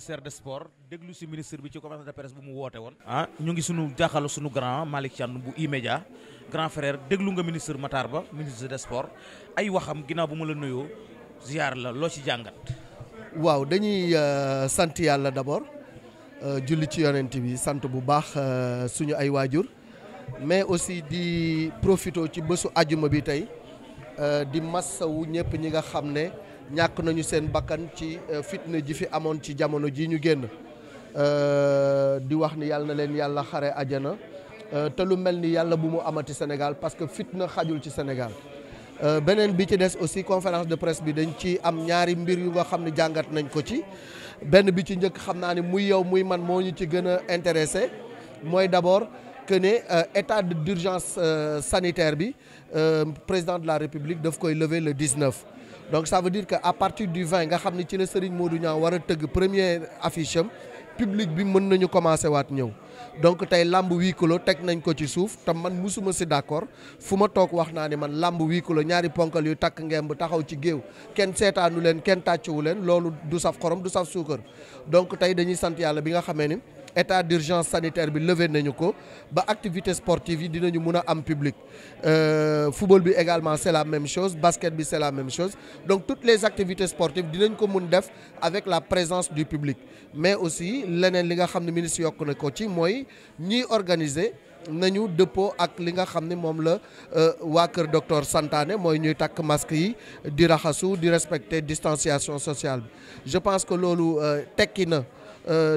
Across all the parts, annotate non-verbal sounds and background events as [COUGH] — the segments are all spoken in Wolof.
ministère des sports déglu si ministre bi ci conférence de presse bu mu woote woon. ah ñu ngi sunu jaaxal sunu grand Malick Thiandoum bu E-Media grand frère déglu nga ministre Matar Ba ministre des sports ay waxam ginnaaw bu ma la nuyoo ziar la loo ci jàngat. waaw dañuy euh, sant yàlla d'abord euh, julli ci yonent bi sant bu baax euh, suñu ay waajur mais aussi di profito ci bësu ajuma bi tey di massawu ñëpp ñi nga xam ne. ñàkk nañu seen bakkan ci euh, fitna ji fi amoon ci jamono ji ñu génn euh, di wax ni yàlla na leen yàlla xare ajana euh, te lu mel ni yàlla bu mu amati Sénégal parce que fitna xajul ci Sénégal beneen bi ci des aussi conférence de presse bi dañ ci am ñaari mbir yu nga xam ne jàngat nañ ko ci benn bi ci njëkk xam naa ni muy yow muy man moo ñu ci gën a intéressé mooy d'abord que ne état d'urgence sanitaire bi président de la République daf koy lever le 19. donc ça veut que à partir du 20 nga xam ne ci ne Serigne Modou Niang war a tëgg première affiche am public bi mën nañu commencé waat ñëw donc tey lamb huis clos teg nañ ko ci suuf te man musuma si d'accord fu ma toog wax naa ne man lamb huis clos ñaari ponkal yu takk ngemb taxaw ci géew kenn seetaanu leen kenn tàccewu leen loolu du saf xorom du saf suukar donc tey dañuy sant yàlla bi nga xamee ni état d'urgence sanitaire bi levé nañu ko ba activité sportive yi dinañu mun a am public euh, football bi également c'est la même chose basket bi c'est la même chose donc toutes les activités sportives dinañ ko mun def avec la présence du public mais aussi leneen li nga xam ne ministre yokk na ko ci mooy ñiy organiser nañu dëppoo ak li nga xam ne moom la euh, waa kër docteur santaane mooy ñuy takk masque yi di raxasu di respecter distanciation sociale bi je pense que loolu euh, tekki na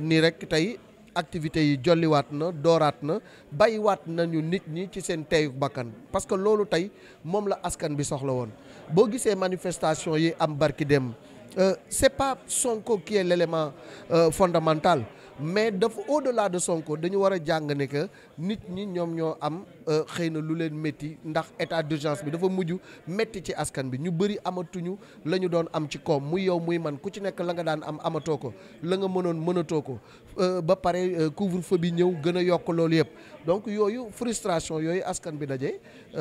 nii rek tey activités yi jolliwaat na dooraat na bàyyiwaat nañu nit ñi ci seen teyu bakkan parce que loolu tey moom la askan bi soxla woon boo gisee manifestation yi am barki dem euh, c'est pas Sonko qui est l'élément euh, fondamental mais dafa au-delà de Sonko dañu war a jàng ne que nit ñi ñoom ñoo am euh, xëy na lu leen métti ndax état d'urgence bi dafa mujj métti ci askan bi ñu bëri amatuñu la ñu doon am ci koom mu yow muy man ku ci nekk la nga daan am amatoo ko la nga mënoon mënatoo ko euh, ba pare euh, couvre-feu bi ñëw gën a yokk loolu yëpp donc yooyu frustration yooyu askan bi daje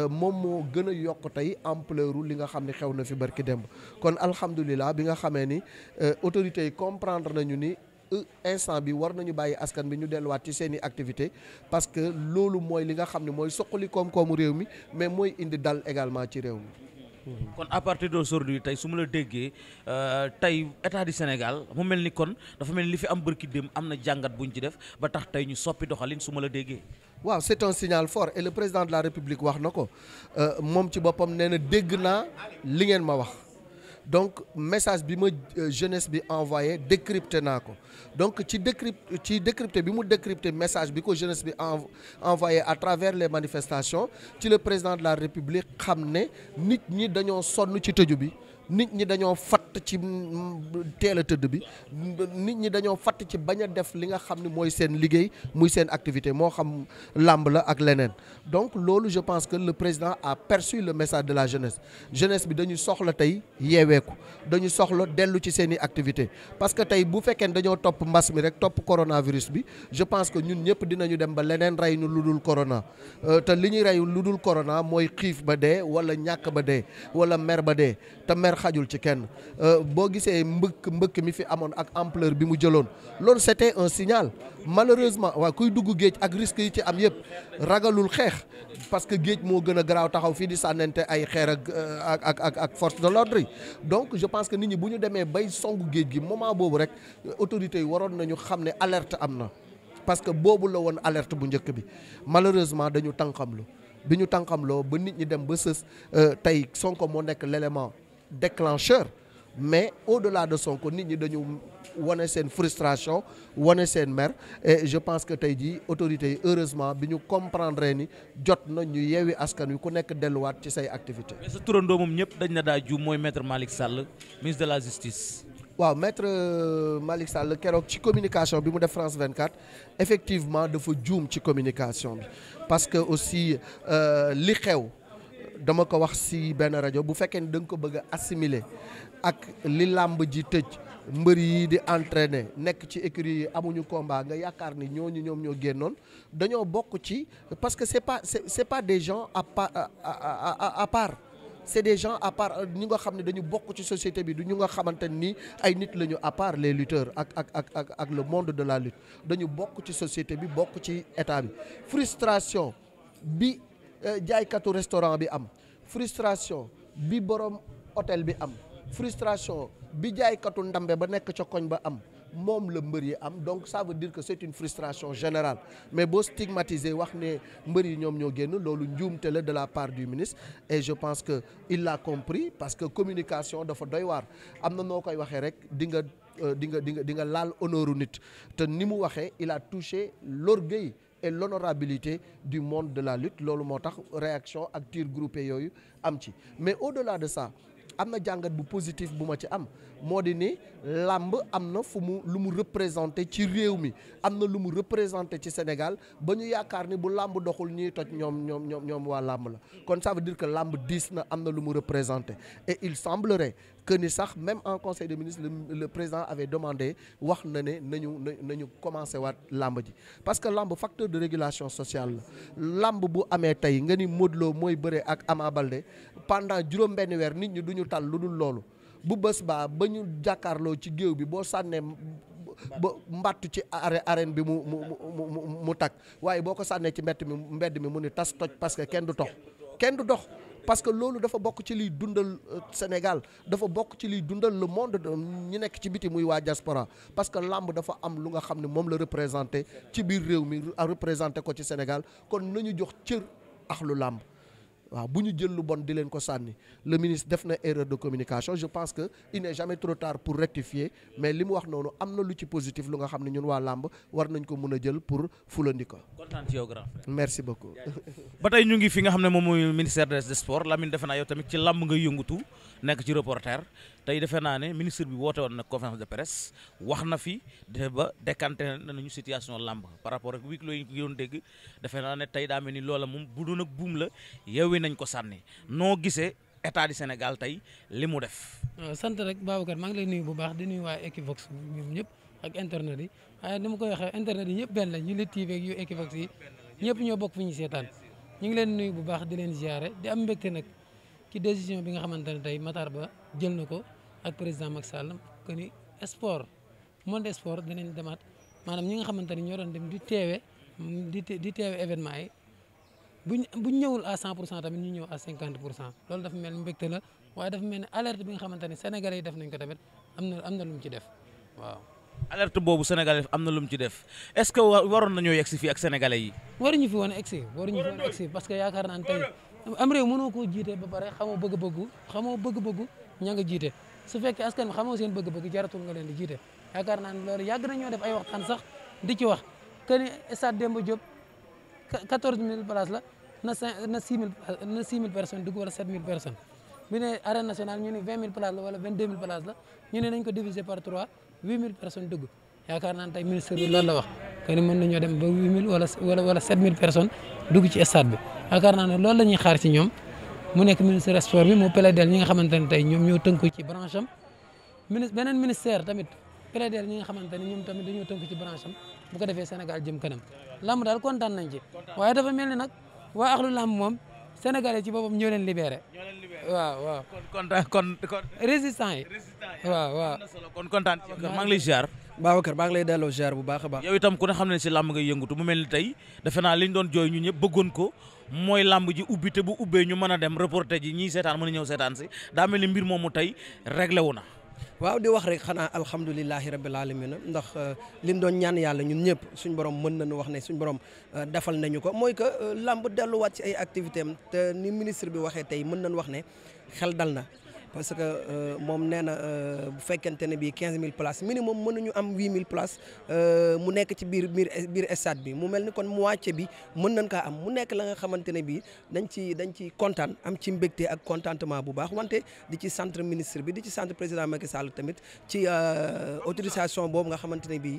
moom moo gën a yokk tey ampleur li nga xam ne xew na fi barki demb kon alhamdulilah bi nga xamee ni autorités yi comprendre nañu ni. instant bi war nañu bàyyi askan bi ñu delluwaat ci seen i activité parce que loolu mooy li nga xam ne mooy soqali koom-koomu réew mi mais mooy indi dal également ci réew mi kon à partir d'aujourd'hui tey su ma la déggee euh, tey état du Sénégal mu mel ni kon dafa mel ni li fi am bërki dem am na jàngat bu ñu ci def ba tax tey ñu soppi doxalin su ma la déggee. waaw c'est un signal fort et le président de la République wax na ko euh, moom ci boppam nee na dégg naa li ngeen ma wax. donc message bi ma euh, jeunesse bi envoyé décrypté naa ko donc ci décrypté ci décrypté bi mu décrypté message bi ko jeunesse bi envoyé à travers les manifestations ci le président de la république xam ne nit ñi dañoo sonn ci tëju bi nit ñi dañoo fatt ci teel a tëdd bi nit ñi dañoo fatt ci bañ a def li nga xam ne mooy seen liggéey muy seen activité moo xam làmb la ak leneen donc loolu je pense que le président a perçu le message de la jeunesse jeunesse bi dañu soxla tey yeeweeku dañu soxla dellu ci seen i activité parce que tey bu fekkee dañoo topp mbas mi rek topp coronavirus bi je pense que ñun ñëpp dinañu dem ba leneen rey ñu lu dul corona euh, te li ñuy rey lu dul corona mooy xiif ba dee wala ñàkk ba dee wala mer ba dee xajul ci kenn euh, boo gisee mbëkk mbëkk mi fi amoon ak empleur bi mu jëloon lool c'était un signal malheureusement waa kuy dugg géej ak risque yi ci am yëpp ragalul xeex parce que géej moo gën a garaaw taxaw fii di sànnante ay xeer euh, ak ak ak ak force de l'ordre yi donc je pense que nit ñi bu ñu demee bay songu géej gi moment boobu rek autorités yi waroon nañu xam ne alerte am na parce que boobu la woon alerte bu njëkk bi malheureusement dañu tànqamlu bi ñu tànqamloo ba nit ñi dem ba sës euh, tey Sonko moo nekk l'élément déclencheur mais au-delà de de Sonko nit ñi dañu wane seen frustration wane seen mer e je pense que tey jii autorités yi heureusement bi ñu comprendre ni jot na ñu yeewi askan wi ku nekk delluwaat ci say activité sa turandoo moom ñëpp dañ na daa juum mooy maître Malick Sall ministre de la justice. waaw maître euh, Malick Sall keroog ci communication bi mu def France 24 effectivement dafa juum ci communication bi parce que aussi euh, li xew. dama ko wax si benn rajo bu fekkee ni da nga ko bëgg a assimiler ak li làmb ji tëj mbër yi di entrainer nekk ci écurie yi amuñu combat nga yaakaar ni ñooñu ñoom ñoo génnoon dañoo bokk ci parce que c'est pas c'est c'est pas des gens à part à part c'est des gens à part ñi nga xam ne dañu bokk ci société bi du ñu nga xamante ni ay nit lañu à part les lutteurs ak ak ak ak ak le monde de la lutte dañu bokk ci société bi bokk ci état bi frustration bi. Euh, jaaykatu restaurant bi am frustration bi borom hôtel bi am frustration bi jaaykatu ndambe ba nekk ca koñ ba am moom la mbër yi am donc ça veut dire que c'est une frustration générale mais boo stigmatiser wax ne mbër yi ñoom ñoo génn loolu njuumte la de la part du ministre et je pense que il l'a compris parce que communication dafa doy waar am na noo koy waxee rek di nga euh, di nga di nga di nga laal honneuru nit te ni mu waxee il a touché l'orgueil et l'honorabilité du monde de la lutte loolu moo tax réaction ak tiir groupé yooyu am ci mais au la de ça am na jàngat bu positif bu ma ci am moo di ni làmb am na fu mu lu mu représenté ci réew mi am na lu mu représenter ci Sénégal ba ñu yaakaar ni bu làmb doxul ñuy toj ñoom ñoom ñoom ñoom waa làmb la kon ça dire que làmb diis na am na lu mu représenté et il semblerait que ni sax même en conseil des ministres le, le président avait demandé wax na ne na ñu na ñu commencé waat làmb ji parce que làmb facteur de régulation sociale la làmb bu amee tey nga ni Modou Lo mooy bëre ak Ama Baldé pendant juróom nit ñi du ñu tal lu dul loolu bu bés baa ba ñu jàkkaarloo ci géew bi boo sànnee ba mbattu ci arène bi mu mu mu mu takk waaye boo ko sànnee ci mbett mi mbedd mi mu ni tas toj parce que kenn du dox kenn du dox parce que loolu dafa bokk ci liy dundal euh, Sénégal dafa bokk ci liy dundal le monde ñu nekk ci biti muy waa diaspora parce que làmb dafa am lu nga xam ne moom la représenté ci biir réew mi représenté ko ci Sénégal kon nañu jox cër axlu làmb waaw bu ñu jël lu bon di leen ko sànni le ministre def na erreur de communication je pense que il n'est jamais trop tard pour rectifier mais li mu wax noonu am na lu ci positif lu nga xam ne ñun waa làmb war nañ ko mën a jël pour fulandi ko. kontaan ci yow merci beaucoup. ba tey ñu ngi fi nga xam ne moom mooy ministère des sports Lamine defe naa yow tamit ci làmb nga yëngutu nekk ci reporter. tey defe naa ne ministre bi woote woon na conférence de presse wax na fi defe ba na na ñu situation làmb par rapport ak week-end yi ñu doon dégg defe naa ne tey daa mel ni loola moom bu doon buum la yeewee nañ ko sànni noo gisee état du Sénégal tey li mu def. Euh, sant rek Babacar maa ngi lay nuyu bu baax di nuyu waa Equivox ñoom ñëpp ak internet yi waaye ni ma koy waxee internet yi ñëpp benn la ñu Lutte TV ak yu Equivox yi ñëpp ñoo bokk fu ñu seetaan ñu ngi leen nuyu bu baax di leen ziare di am mbégte nag ci décision bi nga xamante ne tey Matar Ba. jël na ko ak président Macky Sall que ni sport monde sport dinañ demaat maanaam ñi nga xamante ni ñoo doon dem di teewe di di teewe événement yi buñ buñ ñëwul à 100 pour cent tamit ñu ñëw a cinquante pour cent loolu dafa mel ni mbégte la waa dafa mel ni alerte bi nga xamante ni sénégalais yi def nañ ko tamit am na am na ci def waaw. alerte boobu sénégalais am na lu mu ci def est-ce que waroon nañoo yegsi fii ak sénégalais yi. waruñu fi woon egsi waruñu fi parce que yaakaar naa ne tey am réew mënoo koo jiite ba pare xamoo bëgg-bëggu bëgg-bëggu. ña nga jiite su fekkee askan bi xamoo seen bëgg-bëgg jaratul nga leen di jiite yaakaar naa ne loolu yàgg nañoo def na 5 na 6000 na 6000 personnes dugg la wala 22000 places ñoom. mu nekk ministre sport bi mu plaider ñi nga xamante ne tey ñoom ñoo tënku ci branche am ministre beneen ministère tamit plaider ñi nga xamante ne ñoom tamit ko defee Sénégal jëm kanam lamb daal kontaan nañ ci waaye dafa mel ni nag ci boppam ñoo leen libéré. ñoo leen libéré waaw waaw. kon kon kon. résistant yi. waaw waaw. kon kontaan ci maa ngi lay ziar. Babacar maa delloo ziar bu baax a baax. yow itam ku ne xam ne si làmb nga yëngatu mu mel ni tey defe naa li doon jooy ñu ñëpp bëggoon ko. mooy làmb ji ubbi te bu ubbee ñu mën a dem reporter ji ñiy seetaan mën a ñëw seetaan si daa mel ni mbir moomu tey réglé wu na. waaw di wax rek xanaa alhamdulilahi rabbil alamin ndax euh, liñ doon ñaan yàlla ñun ñëpp suñ borom mën na nañu wax ne suñ borom euh, defal nañu ko mooy que euh, làmb delluwaat ci ay activité am te ni ministre bi waxee tey mën nañu wax ne xel dal na parce que euh, moom nee na euh, bu fekkente ne bii quinze mille places minimum nañu am huit mille places euh, mu nekk ci biir biir biir stade bi mu mel ni kon moitié bi mën nañ kaa am mu nekk la nga xamante ne bii dañ ci dañ ci kontaan am ci mbégte ak contentement bu baax wante di ci centre ministre bi di ci centre président Macky Sall tamit ci autorisation boobu nga xamante ne bii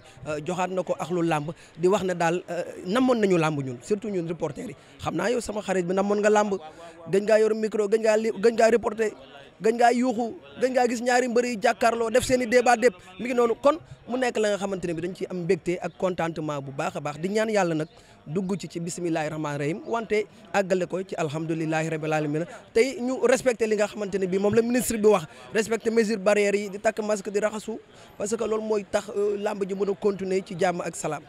joxaat na ko axlu làmb di wax na daal namoon nañu lamb ñun surtout ñun reporter yi xam naa yow sama xarit bi namoon nga làmb gëj ngaa yor micro gañ ngaa gëj ngaa reporter gën ngaa yuuxu gën ngaa gis ñaari mbër yi jàkkaarloo def seen i débat dépp mi ngi noonu kon mu nekk la nga xamante ne bi dañ ciy am mbégte ak contentement bu baax a baax di ñaan yàlla nag dugg ci ci bisimilahi rahmaani rahim wante àggale ko ci alhamdulilahi rabil alamin tey ñu respecté li nga xamante ne bi moom la ministre bi wax respecté mesure barrières yi di takk masque di raxasu parce que loolu mooy tax euh, làmb ji mën a continuer ci jàmm ak salaam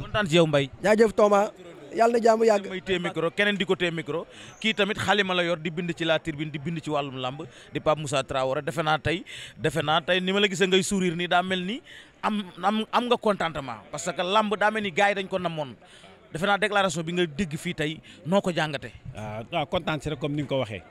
kontaan ci yow Mbaye jaajëf Thomas yàlla na jàmm yàgg may téye keneen di ko téye micro kii tamit xalima la yor di bind ci la tribune di bind ci wàllum làmb di Pape Moussa a defe naa tey defe naa tey ni ma la gisee ngay sourir nii daa mel nii am am am nga contentement parce que làmb daa mel ni gars yi dañ ko namoon defe naa déclaration bi nga dégg fii tey noo ko jàngate ah, waaw kontaan si rek comme ni nga ko waxee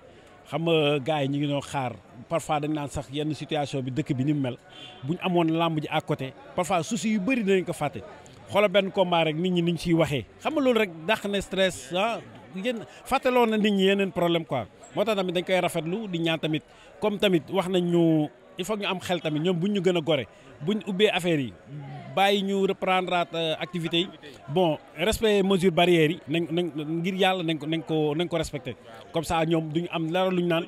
xam nga gars yi ñu ngi noo xaar parfois dañ naan sax yenn situation bi dëkk bi ni mu mel bu ñu amoon làmb ji à côté parfois souci yu bëri dinañ ko fàtte xoolal benn combat rek nit ñi niñ ciy waxee xam nga loolu rek dàq na stress ah yéen na nit ñi yeneen problème quoi moo tax tamit dañ koy rafetlu di ñaan tamit comme tamit wax nañ ñu il faut ñu am xel tamit ñoom bu ñu gën a gore bu ñu ubbee affaire yi bàyyi ñu reprendre euh, activité yi bon respect mesures barrières yi nañ nañ ngir yàlla nañ ko nañ ko nañ ko respecté comme ça ñoom duñ am dara ñu naan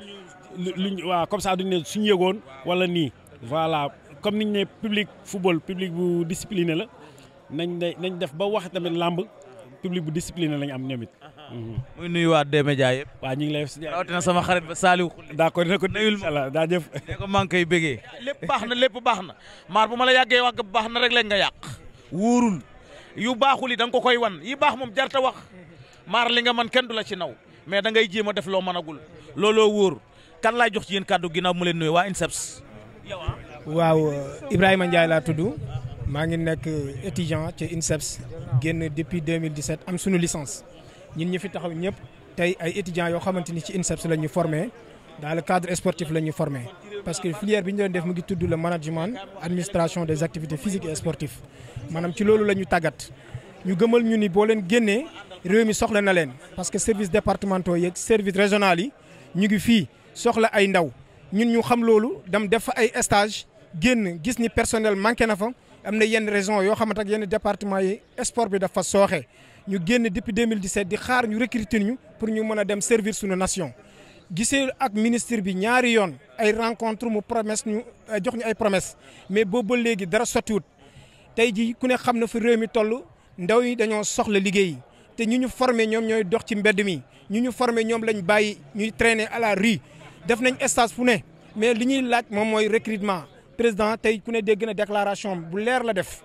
luñ waaw comme ça duñ ne suñu yëgoon wala nii voilà comme niñ ne public football public bu discipliné la. nañ de nañ def ba wax tamit làmb public bu discipliné lañu am ñoom it. Uh-huh. Uh-huh. muy nuyuwaat D-Média yëpp. waa ñu ngi lay rawatina sama xarit ba Saliou. d'accord dina ko nuyul ma allah daa jëf. ne ko maa ngi koy bégee. [LAUGHS] lépp baax na lépp baax na maar bu ma la yàggee wax baax na rek léegi nga yàq. wóorul yu baaxul yi danga ko koy wan yi baax moom jarta wax maar li nga man kenn du la ci naw mais dangay jéem a def loo managul looloo wóor kan laay jox ci yéen kàddu ginnaaw mu leen nuyu waa INSEPS. waaw Ibrahima Ndiaye laa tudd. maa ngi nekk étudiant ci INSEPS génn depuis 2017 am suñu licence ñun ñi fi taxaw ñëpp tey ay étudiants yoo xamante ni ci INSEPS la ñu formé dans le cadre sportif la ñu formé parce que filière bi ñu doon def mu ngi tudd le management administration des activités physiques et sportives maanaam ci loolu la ñu tàggat ñu gëmal ñu ni boo leen génnee réew mi soxla na leen parce que service départementaux yeeg service régional yi ñu ngi fii soxla ay ndaw ñun ñu xam loolu dam def fa ay stage génn gis ni personnel manqué na fa am na yenn région yoo xamante ak yenn département yi sport bi dafa sooxe ñu génn depuis 2017 di xaar ñu recruter ñu pour ñu mën a dem servir suñu nation gisee ak ministre bi ñaari yoon ay rencontre mu promesse ñu euh, jox ñu ay promesse mais boobu ba léegi dara sottiwut tey ji ku ne xam na fi réew mi toll ndaw yi dañoo soxla liggéey te ñu ñu formé ñoom ñooy dox ci mbedd mi ñu ñu formé ñoom lañ bàyyi ñuy traîner à la rue def nañ stage fu ne mais li ñuy laaj moom mooy président tey ku ne dégg na déclaration bu leer la def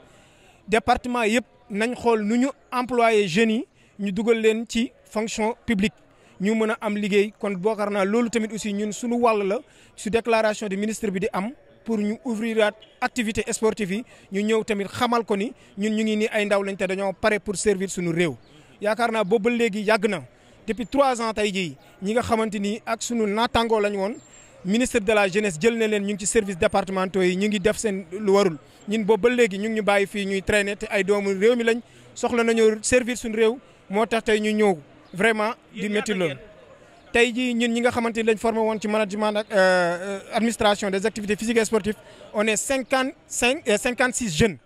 département yëpp nañ xool nu ñu employé jeunes yi ñu dugal leen ci fonction publique ñu mën a am liggéey kon bookar naa loolu tamit aussi ñun suñu wàll la su déclaration de ministre bi di am pour ñu ouvriraat activité sportive yi ñu ñëw tamit xamal ko ni ñun ñu ngi nii ay ndaw lañ te dañoo pare pour servir suñu réew yaakaar naa boobu ba léegi yàgg na depuis trois ans tey jii ñi nga xamante ni ak sunu naataangoo lañ woon ministre de la jeunesse jël na leen ñu ngi ci service départementaux yi ñu ngi def seen lu warul ñun boobu ba léegi ñu ngi ñu bàyyi fii ñuy traîner te ay doomu réew mi lañ soxla nañu service suñu réew moo tax tey ñu ñëw vraiment di métti loolu tey jii ñun ñi nga xamante ni lañ formé woon ci management ak euh, administration des activités physiques et sportives on est cinquante cinq euh, cinquante six jeunes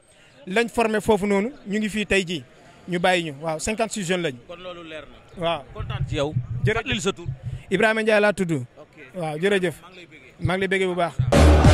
lañ formé foofu noonu ñu ngi fii tey jii ñu bàyyi ñu waaw cinquante six jeunes lañ. kon loolu leer waaw ci yow. jërëjëf sa tur Ibrahima Ndiaye laa tudd. waaw jërëjëf maa ngi lay bëggee bu baax.